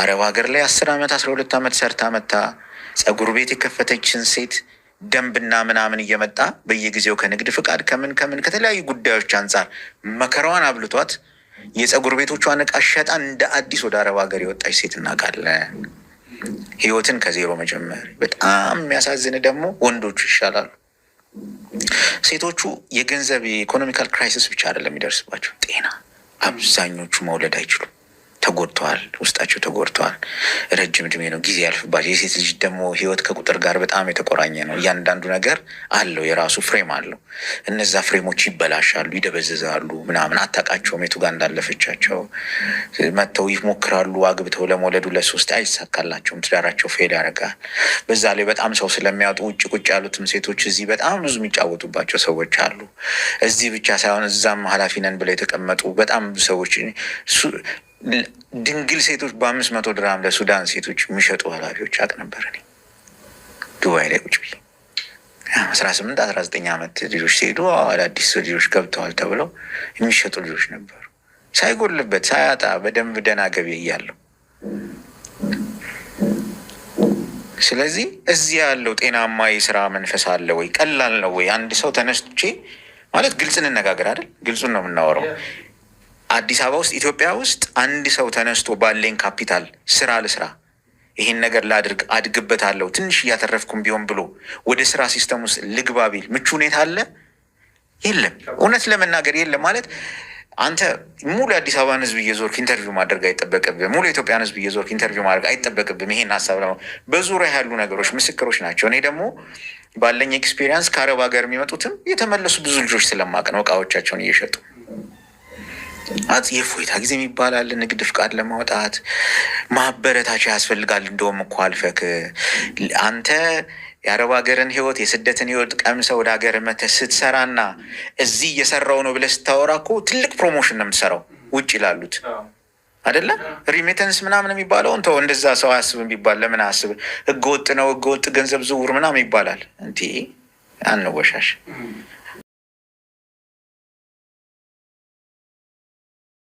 አረብ ሀገር ላይ አስር ዓመት አስራ ሁለት ዓመት ሰርታ መታ ጸጉር ቤት የከፈተችን ሴት ደንብና ምናምን እየመጣ በየጊዜው ከንግድ ፍቃድ ከምን ከምን ከተለያዩ ጉዳዮች አንጻር መከራዋን አብልቷት የጸጉር ቤቶቿ ዕቃ ሸጣ እንደ አዲስ ወደ አረብ ሀገር የወጣች ሴት እናውቃለን። ህይወትን ከዜሮ መጀመር በጣም የሚያሳዝን ደግሞ ወንዶቹ ይሻላሉ። ሴቶቹ የገንዘብ የኢኮኖሚካል ክራይሲስ ብቻ አይደለም የሚደርስባቸው፣ ጤና አብዛኞቹ መውለድ አይችሉም። ተጎድተዋል፣ ውስጣቸው ተጎድተዋል። ረጅም እድሜ ነው፣ ጊዜ ያልፍባቸው። የሴት ልጅ ደግሞ ህይወት ከቁጥር ጋር በጣም የተቆራኘ ነው። እያንዳንዱ ነገር አለው፣ የራሱ ፍሬም አለው። እነዛ ፍሬሞች ይበላሻሉ፣ ይደበዝዛሉ፣ ምናምን አታቃቸውም የቱ ጋር እንዳለፈቻቸው። መጥተው ይሞክራሉ፣ አግብተው ለመውለዱ ለሶስት አይሳካላቸውም፣ ትዳራቸው ፌል ያደርጋል። በዛ ላይ በጣም ሰው ስለሚያወጡ ውጭ ቁጭ ያሉትም ሴቶች እዚህ በጣም ብዙ የሚጫወቱባቸው ሰዎች አሉ። እዚህ ብቻ ሳይሆን እዛም ኃላፊ ነን ብለው የተቀመጡ በጣም ሰዎች ድንግል ሴቶች በአምስት መቶ ድራም ለሱዳን ሴቶች የሚሸጡ ኃላፊዎች አቅ ነበር። እኔ ዱባይ ላይ ቁጭ አስራ ስምንት አስራ ዘጠኝ ዓመት ልጆች ሲሄዱ አዳዲስ ልጆች ገብተዋል ተብለው የሚሸጡ ልጆች ነበሩ። ሳይጎልበት ሳያጣ በደንብ ደህና ገቢ እያለው ስለዚህ እዚህ ያለው ጤናማ የስራ መንፈስ አለ ወይ? ቀላል ነው ወይ? አንድ ሰው ተነስቼ ማለት ግልጽ እንነጋገር አይደል? ግልጹን ነው የምናወራው። አዲስ አበባ ውስጥ ኢትዮጵያ ውስጥ አንድ ሰው ተነስቶ ባለኝ ካፒታል ስራ ልስራ፣ ይህን ነገር ላድርግ፣ አድግበታለሁ፣ ትንሽ እያተረፍኩም ቢሆን ብሎ ወደ ስራ ሲስተም ውስጥ ልግባ ቢል ምቹ ሁኔታ አለ? የለም። እውነት ለመናገር የለም። ማለት አንተ ሙሉ የአዲስ አበባን ህዝብ እየዞርክ ኢንተርቪው ማድረግ አይጠበቅብም። ሙሉ የኢትዮጵያን ህዝብ እየዞርክ ኢንተርቪው ማድረግ አይጠበቅብም። ይሄን ሀሳብ ለ በዙሪያ ያሉ ነገሮች ምስክሮች ናቸው። እኔ ደግሞ ባለኝ ኤክስፔሪንስ ከአረብ ሀገር የሚመጡትም የተመለሱ ብዙ ልጆች ስለማቅ ነው እቃዎቻቸውን እየሸጡ አጽ የፎይታ ጊዜ ይባላል። ንግድ ፍቃድ ለማውጣት ማበረታቻ ያስፈልጋል። እንደውም እኮ አልፈክ አንተ የአረብ ሀገርን ህይወት የስደትን ህይወት ቀምሰ ወደ ሀገር መተ ስትሰራና እዚህ እየሰራው ነው ብለህ ስታወራ እኮ ትልቅ ፕሮሞሽን ነው የምትሰራው። ውጭ ላሉት አደለ ሪሜተንስ ምናምን የሚባለው እንተው፣ እንደዛ ሰው አያስብም ቢባል ለምን አያስብ? ህገወጥ ነው ህገወጥ ገንዘብ ዝውውር ምናምን ይባላል። እንዲ አንወሻሽ